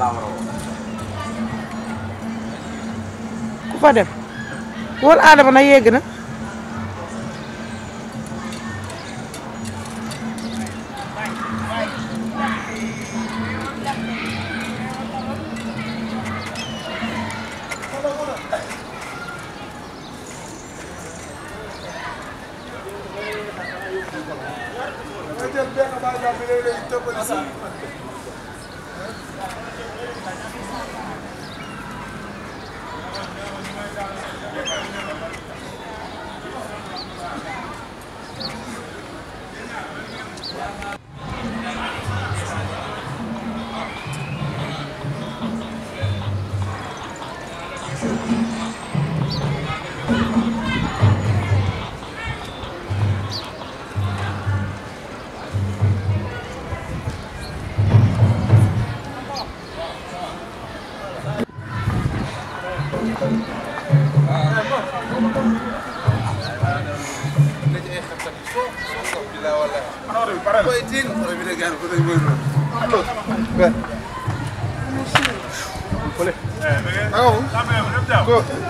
laa ku fa dem wala Adama na yegg na gioco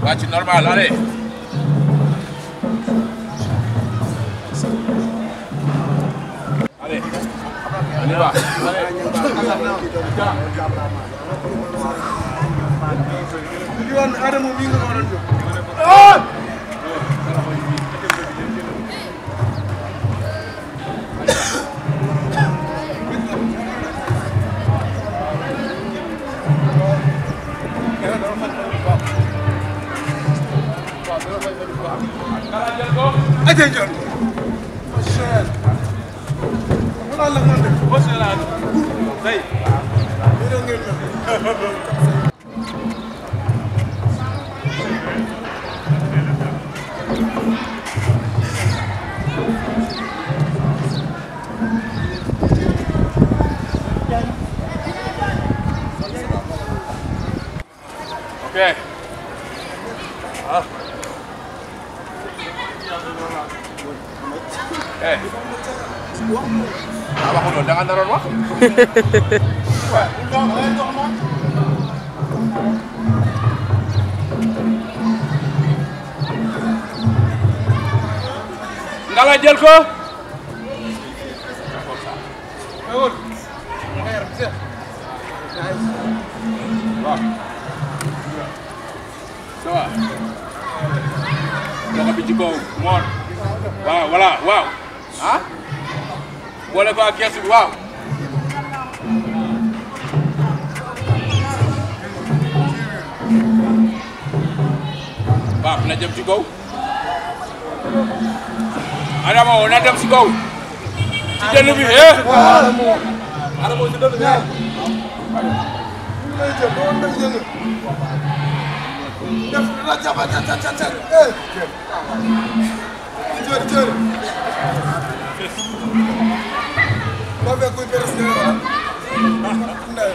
Bate normal, olha Pak. ada mau orang tuh. Attention! Ah. eh. ah waxuloon da nga naroon wax. Ngalla jël ko. a voilà waaw ah boole ko ak waaw. na jëm ci kaw. Adama ci kaw. ci Тёрь, тёрь. Маве куй переснёва. Да.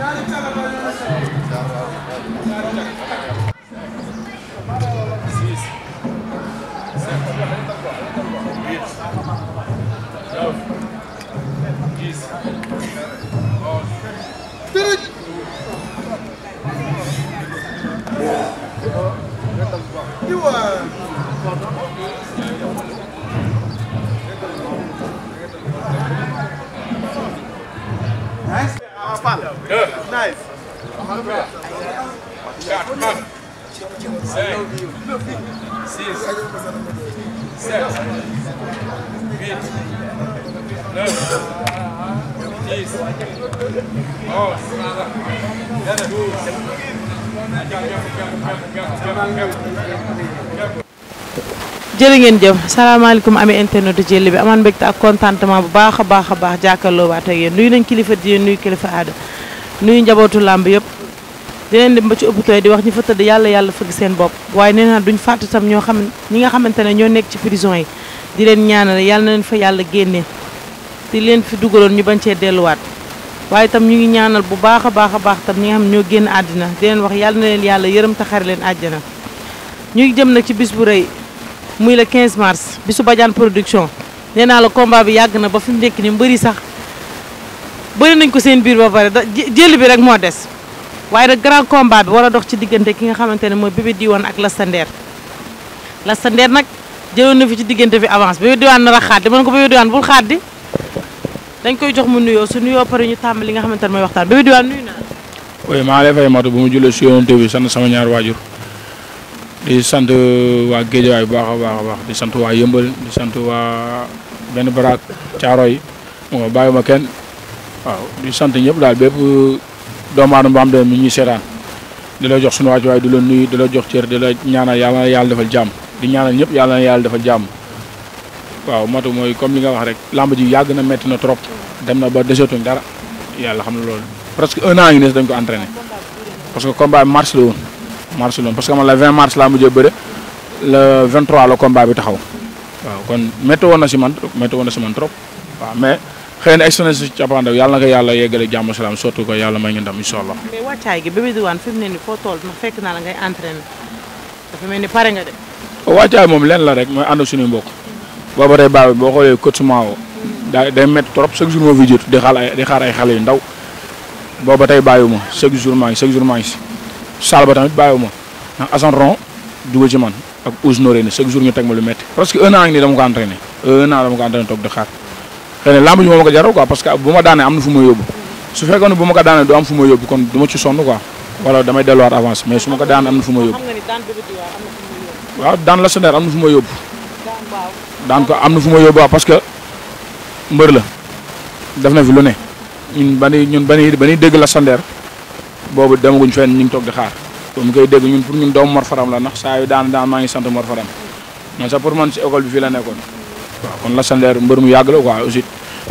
Yani bir tane böyle nasıl? fala. Nice. Quatro. cinco Seis. Sete. Vinte. Nove. Dez. Onze. Doze. jërë ngeen jëf salaamaaleykum amee internet jël bi amaan mbégte ak contentement bu baax a baax a baax jàkkaarloo waat ak yéen nuyu nañ kilifa di nuyu kilifa aada nuy njabootu làmb yëpp di leen dem ba ci hôpital di wax ñu fa tëdd yàlla yàlla fëgg seen bopp waaye nee naa duñ tam ñoo xam ñi nga xamante ne nekk ci prison yi di leen ñaanal yàlla na leen fa yàlla génnee di leen fi dugaloon ñu bañ cee delluwaat waaye tam ñu ngi ñaanal bu baax a baax a baax tam ñi nga xam ñoo génn àddina di leen wax yàlla na leen yàlla yërëm taxare leen àjjana ñu jëm nag ci bis bu rëy muy le 15 mars bisu su production nee naa la combat bi yàgg na ba fi mu nekk ni mbëri sax bëri nañ ko seen biir ba pare da jël bi rek moo des waaye nag grand combat bi war a dox ci diggante ki nga xamante ne mooy bébé ak Lasta Ndeer Lasta Ndeer nag jëloon fi ci diggante bi avance bébé diiwaan nar a xaaddi ko bébé diiwaan bul xaaddi dañ koy jox mu nuyoo su nuyoo pare ñu tàmbali li nga xamante ne mooy waxtaan bébé nuyu naa oui maa lay fay matu bu mu jullee si yoonte bi sama ñaar waajur di sant wa géejawaay bu baax a baax baax di sant wa yëmbal di sant wa benn barak caaro mo mu nga bàyyi ma kenn di sant ñëpp daal bépp do aadama ba xam mi ñuy seetaan di la jox sunu waaj waaye di la nuyu di la jox cer di la ñaanal yàlla na defal jam di ñaanal ñëpp yàlla na defal jàmm waaw matu mooy comme li nga wax rek lamb ji yàgg na metti na trop dem na ba desetuñ dara yàlla xam na loolu presque un an ngi ne dañ ko entraîné parce que combat mars la mars loon parce que la 20 mars laa mujjee bëre le 23 la combat bi taxaw waaw kon métti woon na si man métti wona na si man trop waaw mais xëy na externe si cappaandaw yàlla na ko yàlla yeggale jàmm salaam sotti ko yàlla may ngeen ndam incha mais wàccaay gi Bébé Diwane fi ne nii foo toll ndax fekk naa la ngay entraîné dafa mel ni nga de. wàccaay moom lenn la rek mooy ànd suñu mbokk booba tey baaw boo xoolee coach Mao trop chaque jour di di xaar ay chaque jour chaque jour Salba tamit bàyyiwuma ndax Assane Ron duwe ci man ak Ousse Noreyni chaque jour ñu tek ma lu métti presque un an ni dama ko entraîner un an dama ko entraîner tok de xaar xëy lamb ñu moo ma ko jaral quoi parce que buma ma amna am na fu ma yóbbu su fekkoon buma ko daanee do am fu ma yóbbu kon duma ci sonu quoi wala damay delu wat avance mais suma ko daan amna na fu ma yóbbu waaw daan la seneer am na fu ma yóbbu daan ko amna na fu ma yóbbu parce que mbeur la def na fi lu ne ñun ba ñun ba ñuy deug la sandeer boobu demaguñ fenn ñing tok di xaar mu koy dégg ñun pour ñun doom Mor Faram la ndax saa yu daan daan ma ngi sant Mor Faram man sax pour man ci école bi fi la nekkon waaw kon la sandeer mbeur mu yàgg la quoi aussi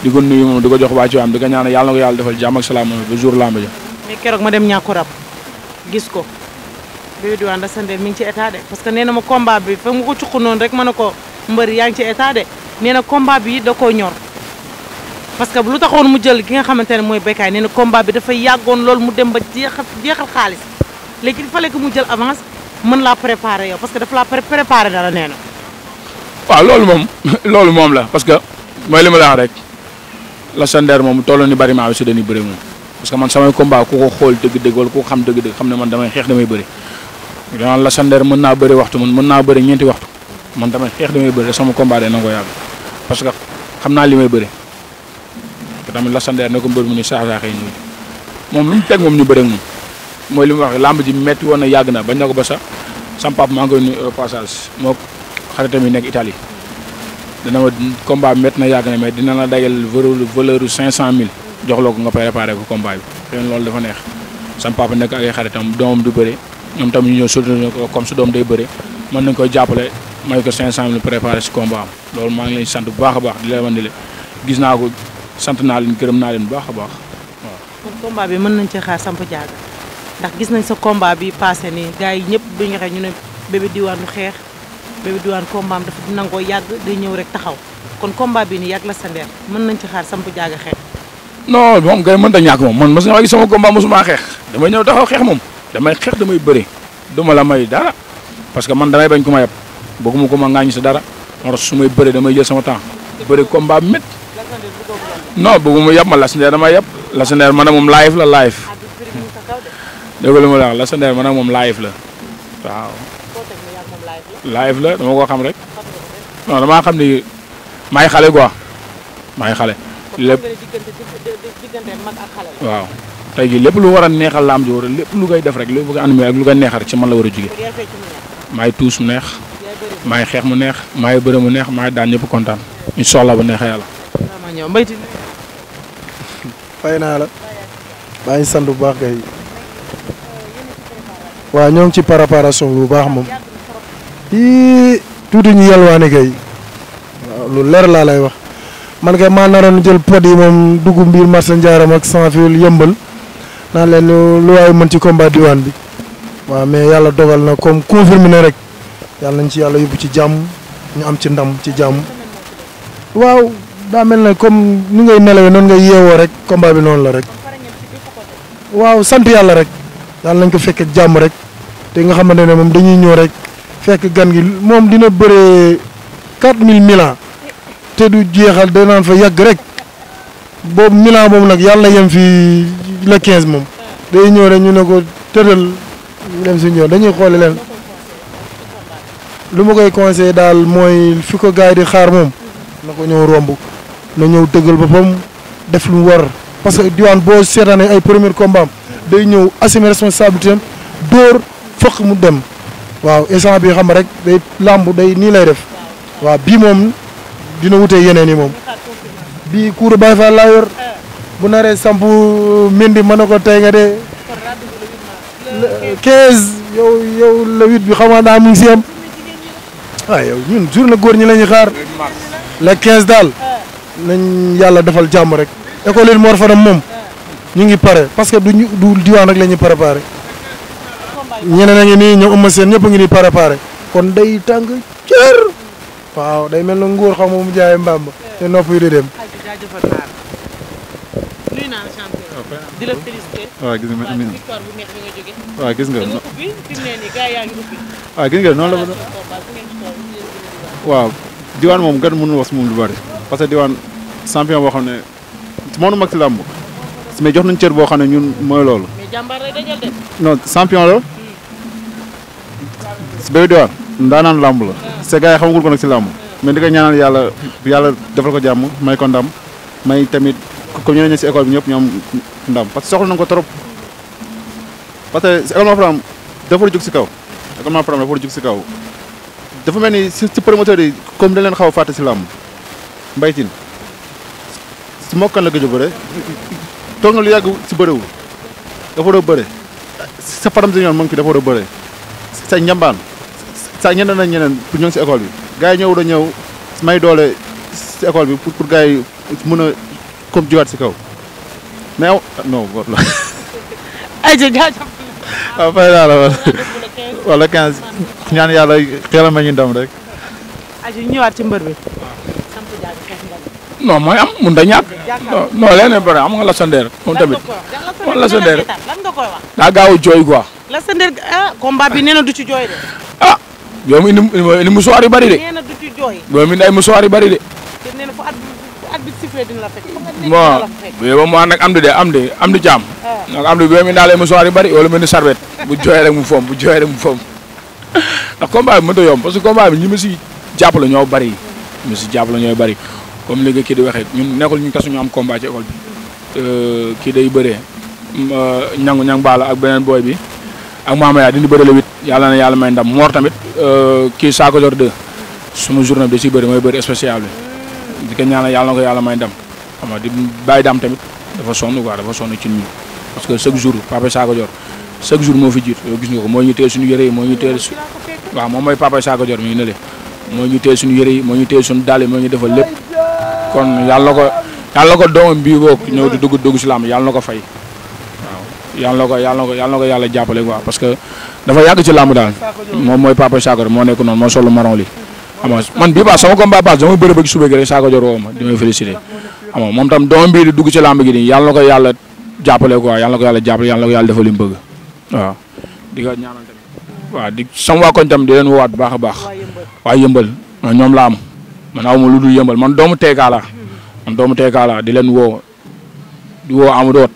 di ko nuyu moom di ko jox ba ci am di ko ñaanal yàlla na ko defal jamm ak salaam bu jour lamb ja mais kérok ma dem ñàkku rap gis ko bébé diwaan la sandeer mi ngi ci état de parce que nee ma combat bi fa nga ko cuq non rek manako mbeur yaang ci état de nee combat bi da ko ñor parce que lu taxoon mu jël ki nga xamante ne mooy béykat nee na combat bi dafay yàggoon loolu mu dem ba jeexal jeexal xaalis léegi il fallait que mu jël avance mën laa préparer yow parce que dafa laa préparer dara nee na. waaw loolu moom loolu moom la parce que mooy li ma la wax rek la sandeer moom tolloon ni bari maa aussi dañuy bëri moom parce que man samay combat ku ko xool dëgg-dëgg wala ku ko xam dëgg-dëgg xam ne man damay xeex damay bëri danaan la sandeer mën naa bëri waxtu man mën naa bëri ñeenti waxtu man damay xeex damay bëri sama combat na ko yàgg parce que xam naa li may bëri tamit lasandeer ne ko mbër mu ni saax-saaxee nii moom lu mu teg moom ñu bëri moom mooy mu wax làmb ji metti woon na yàgg na bañ na ko ba sax sam papa maa ngi koy nuyu euh, passage moo xaritam yi nekk Italie dana ma combat métti na yàgg na mais dina la dajal valeur valeur cinq mille jox la ko nga préparé ko combat bi xëy na loolu dafa neex sam doomam du bëre ñoom tam ñu ñëw soutenir ko comme su doom day bëre mën nañ koy jàppale may ko cinq cent mille préparé si combat am loolu maa ngi leen sant bu baax a baax di leen wan gis naa ko sant naa leen gërëm naa leen bu baax a baax waaw. kon combat bi mën nañ ci xaar samp jaaga ndax gis nañ sa combat bi passé nii gars yi ñëpp bu ñu ñu ne bébé diwaan du xeex bébé diwaan combat am dafa nangoo yàgg day ñëw rek taxaw kon combat bi nii yàgg la sa ndeer mën nañ ci xaar samp jaaga xeex. non moom kay mënut a ñàkk moom man mos ma gis sama combat mosuma xeex damay ñëw taxaw xeex moom damay xeex damay bëre duma la may dara parce que man damay bañ ko ma yab bëgguma ko ma ŋaañu sa dara moo may bëre damay jël sama temps bëre non mu yab ma lasandeer dama yab la ma ne mom live la live dëgg ko limu la la lasandeer ma mom live la waaw live la dama ko xam rek non dama xam ni may xalé quoi maay xale lépp waaw tay jii lepp lu wara a neexal laam ji lepp lu koy def rek lépp lu koy animé ak lu koy neexal ci man la wara a may tous neex mu neex may bëre mu neex may daan ñepp contane inshallah bu neexee yalla ñëw Mbaye Tine. fay naa la. maa ngi sant bu baax kay. waaw ñoo ngi ci préparation bu baax moom. ii tuuti ñu yalwaane kay. waaw lu leer laa lay wax. man kay maa naroon jël pot yi moom dugub biir marché njaaram ak sans fil yëmbal. naa leen lu waay mën ci combat diwaan bi. waaw mais yàlla dogal na comme confirmé na rek. yàlla nañ ci yàlla yóbbu ci jàmm ñu am ci ndam ci jàmm. waaw daa mel ne comme ni ngay nelawee noonu ngay yeewoo rek combat bi noonu la rek waaw sant yàlla rek yàlla nañ ko fekk jàmm rek te nga xamante ne moom dañuy ñëw rek fekk gan gi moom dina bëree 4000 milan te du jeexal da naan fa yàgg rek boobu moom nag yàlla yem fi le moom day ñëw rek ñu ne ko tëral ñu si ñëw dañuy xoole leen lu ma koy conseillé daal mooy fi ko gars yi di xaar moom na ko ñëw romb na ñëw dëggal boppam def lu war parce que diwaan boo seetaanee ay premier combat day ñëw assumer responsabilité am dóor fokk mu dem waaw instant bi xam rek day làmb day nii lay def waaw bii moom dina wutee yeneen yi moom bii kuuru Baye Fall laa yor bu naree samp mindi mën na ko tey nga de 15 yow yow le 8 bi xamaa naa mu ngi si am waaw yow ñun journée góor ñi la ñuy xaar le 15 daal nañ yàlla defal jàmm rek école yi Mor Fadam moom ñu ngi pare parce que du du diwaan rek la ñuy préparé ñeneen a ngi nii ñoom ëmma seen ñëpp a ngi nii préparé kon day tàng cër waaw day mel na nguur xaw ma mu jaayee mbàmb te nopp yi di dem. di la féliciter waaw gis nga gan mënul was moom lu bari parce que diwaan champion boo xam ne nu mag si làmb mais jox nañ cër boo xam ne ñun mooy loolu. mais jàmbaar lay dajal de. non champion la. béy diwaan ndaanaan làmb la. c'est yi xamagul ko nag si làmb. mais di ko ñaanal yàlla yàlla defal ko jàmm may ko ndam may tamit comme ñeneen ñi si école bi ñëpp ñoom ndam parce que soxla nañ ko trop. parce que si école Mafaram dafa war a jug si kaw. école Mafaram dafa war a jug si kaw. dafa mel ni si si promoteur yi comme leen xaw fàtte si làmb. Mbaye Tine si mokkan la gëj a bëre na lu yàgg si bëriwul dafa war a bëre sa param si ñoon mu ngi dafa war a bëre sa njambaan sa ñeneen ak ñeneen pour ñoo si école bi gars yi ñëw war a ñëw may doole si école bi pour pour gars yi mën a comme jiwaat si kaw mais aw ah, non ah, la ayca jaajëf waaw fay naa la wala wala 15 ñaan ma ñu ndam rek ayca ñëwaat ci mbër bi non mooy am mun da ñàkk ya non leneen bare am nga Lasandeer moom tamit moom Lasandeer lan nga koy wax daa gaaw jooy quoi Lasandeer ah combat bi nee du ci jooy de ah yow mi indi musuwaar yu bari de nee na du ci jooy yow mi indi ay musuwaar yu bari de nee na fu at at bi sifflé dina la fekk bon yow mo nak am de am de am de jaam nak am de yow mi daal musuwaar yu bari wala mel ni sarbet bu jooyee rek mu foom bu jooyee rek mu foom combat bi mënta yomb parce que combat bi ñi ma si jàppale ñoo bari ñi ma si jàppale ñoo bari comme léegi kii di waxee ñun nekkul ñu kese ñu am combat ci école bi kii day bëree ñangu euh, ñang baala ak beneen booy bi ak maamaya dindi bëri la wit yàlla na yàlla may ndam moor tamit euh, kii saako joor 2 sunu journée bi da ciy bëri mooy bëri spécial bi di ko ñaanal yàlla na ko yàlla may ndam xam nga di bàyyi daam tamit dafa sonn quoi dafa sonn ci ñun parce que chaque jour papa saako joor chaque jour moo fi jiit yow gis nga ko ñu teel suñu yére yi moo ñu teel waaw moom mooy papa saako joor mi ngi ne le ñu teel suñu yére yi moo ñu teel suñu dàll moo ñu defal lépp kon yalla ko yalla ko doomam bi bok ñew di dugg dugg islam yalla nako fay yalla nako yalla nako yalla nako yalla jappale quoi parce que dafa yag ci lamb dal mom moy papa Sakho mo nek non mo solo maron li ama man bi ba sama ko mbaba dama beureu beug ci suba gi rek Sakho ma di may félicité ama mom tam doomam bi di dugg ci lamb gi ni yalla nako yalla jappale quoi yalla nako yalla jappale yalla nako yalla defal li mu bëgg waaw di ko ñaanal tam wa di sama wa koñ tam di len woowaat bu baax a baax waa yëmbal ñom la am man aw luddul yembal man doomu teekaa la man doomu teekaa la di len wo di wo amu dot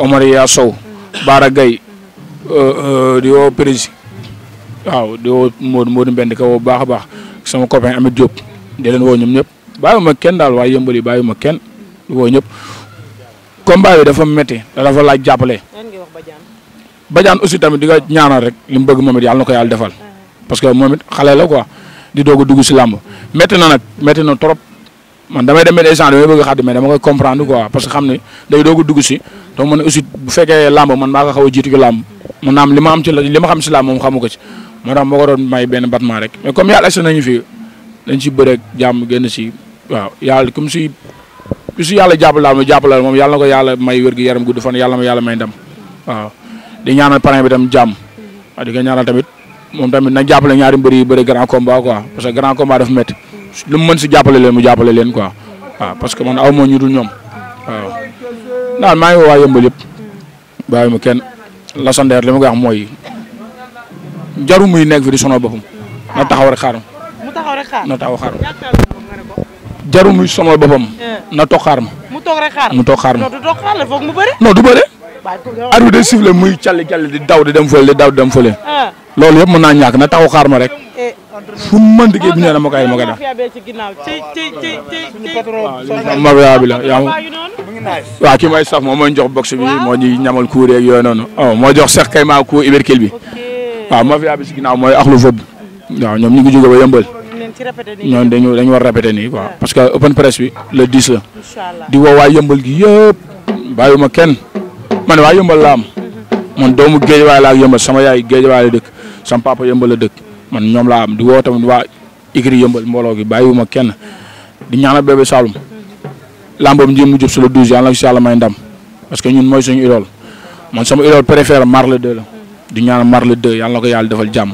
Omar Ya Sow bara gay euh euh di wo Prési waaw di wo mod mod Mbend ka woo bax a sama copain Amit Diop di len wo ñum ñep bayuma ken dal way yembali bayuma ken di wo ñep combat bi dafa metti dafa laaj jappalé jàppale. Badiane aussi tamit di nga ñaanal rek lim bëgg momit yalla nako yalla defal ah. parce que momit xalé la quoi di dogu dugu dugg si làmb métti na nak metti na trop man damay dem les gens damay bëgg xadi mais dama koy comprendre quoi parce que xamni day dogu a dugg si donc man aussi bu fekkee lamb man ma nga xaw a ci lamb mu naam lima am ci lima xam ci lamb mom xamuko ci mo ram moo ko doon may ben battement rek mais comme yalla agsi nañu fi dañ si bëre jamm genn ci waaw yalla comme ci ku si yàlla jàppale daal ma la mom yalla nako yalla may wërgu yaram gudd fan yalla ma yalla may ndam waaw di ñaanal parrain bi tam jamm di ñaanal tamit mom tamit na jàppale ñaari mbeuri yi grand combat quoi parce que grand combat daf met lu mën ci jàppale leen mu jàppale leen quoi waaw parce que mon aw mo ñu dul ñom waaw. naan maa ngi woo waa yëmbal yëpp bàyyi ma kenn la li limu wax moy jaru muy nek fi di sono bopum na taxaw rek xaram mu taxaw rek xaram na taxaw xaram jaru muy sono bopum eh. na tok xaram mu tok rek xaram mu tok xaram do du xaram xaaral mu bëre. non du bëre. ar bi day sifflé muy calli calli di daw di dem fële di daw di dem fële. Ah. loolu yëpp mën naa ñàkk na taxaw xaar ma rek. Eh. fu mu mënti kii bi ñu ne ma koy ma koy def. mafia ki may saf moom mooy jox box bi moo ñuy ñamal kuur yeeg yooyu noonu oh moo jox Cheikh Kayma ku Iberkil bi. waaw mafia bi si ginnaaw mooy axlu fëb. waaw ñoom ñu ngi jóge ba yëmbal. ñoom dañu war répété nii quoi ah. parce que open press bi le 10 la. di woo waa yëmbal gi yëpp bàyyiwuma kenn. man wa yombal lam man doomu geej wala ak yëmbal sama yaay geej wala dekk sama papa yombal la dëkk man ñom la am di wota man wa igri yombal mbolo gi bayiwuma kenn di ñaanal bebe salum lambam jëm mu jëf si 12 yàlla na si yàlla may ndam parce que ñun moy suñu idol man sama idol préféré Marle 2 la di ñaanal Marle 2 yàlla na ko yàlla defal jàmm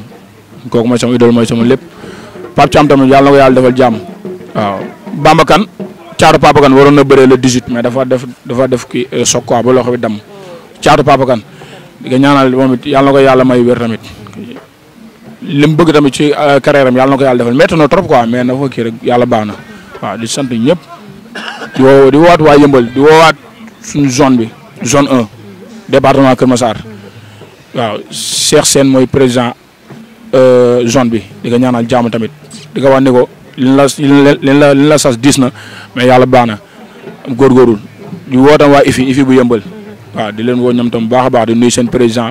koku moy sama idol moy sama lepp pap Thiam tamit yàlla na ko yàlla defal jàmm waaw Bamba kan caaru Papa kan warona beure le 18 mais dafa def dafa def ki euh, sokko ba loxo bi dam caatu Papa Kane di ko ñaanal moom it yàlla na ko yàlla may wér tamit li mu bëgg tamit ci euh, carrière am yàlla na ko yàlla defal métti na trop quoi mais na fa kii rek yàlla baax na waaw di sant ñëpp di woo di woowaat waa Yëmbal di woowaat suñu zone bi zone 1 département Kër Massar waaw Cheikh Sène mooy président euh, zone bi di ko ñaanal jàmm tamit di ko wax ko liñ la liñ la sas diis na mais yàlla baax na góorgóorul di woo tam waa IFI IFI bu Yëmbal. waaw di leen woo ñoom tam bu baax baax di nuyu seen président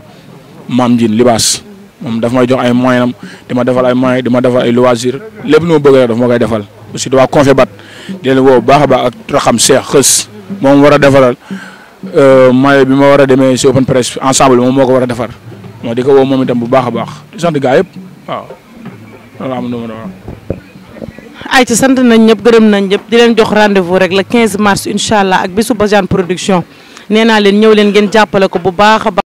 maam Dieng Libaas moom daf may jox ay moyens am di ma defal ay moyens di ma defal ay loisir lépp lu ma bëgg rek daf ma koy defal aussi di waa Confébat di leen bu baax a baax ak Raxam Cheikh Xës moom war a defaral euh, maillot bi ma war a demee si open press ensemble moom moo ko war a defar moo di ko woo moom itam bu baax a baax di sant gaa yëpp waaw loolu am na ma doon ay ci sant nañ ñëpp gërëm nañ ñëpp di leen jox rendez-vous rek le mars incha allah ak bisu Badiane production nee na leen ñëw leen ngeen jàppale ko bu baax a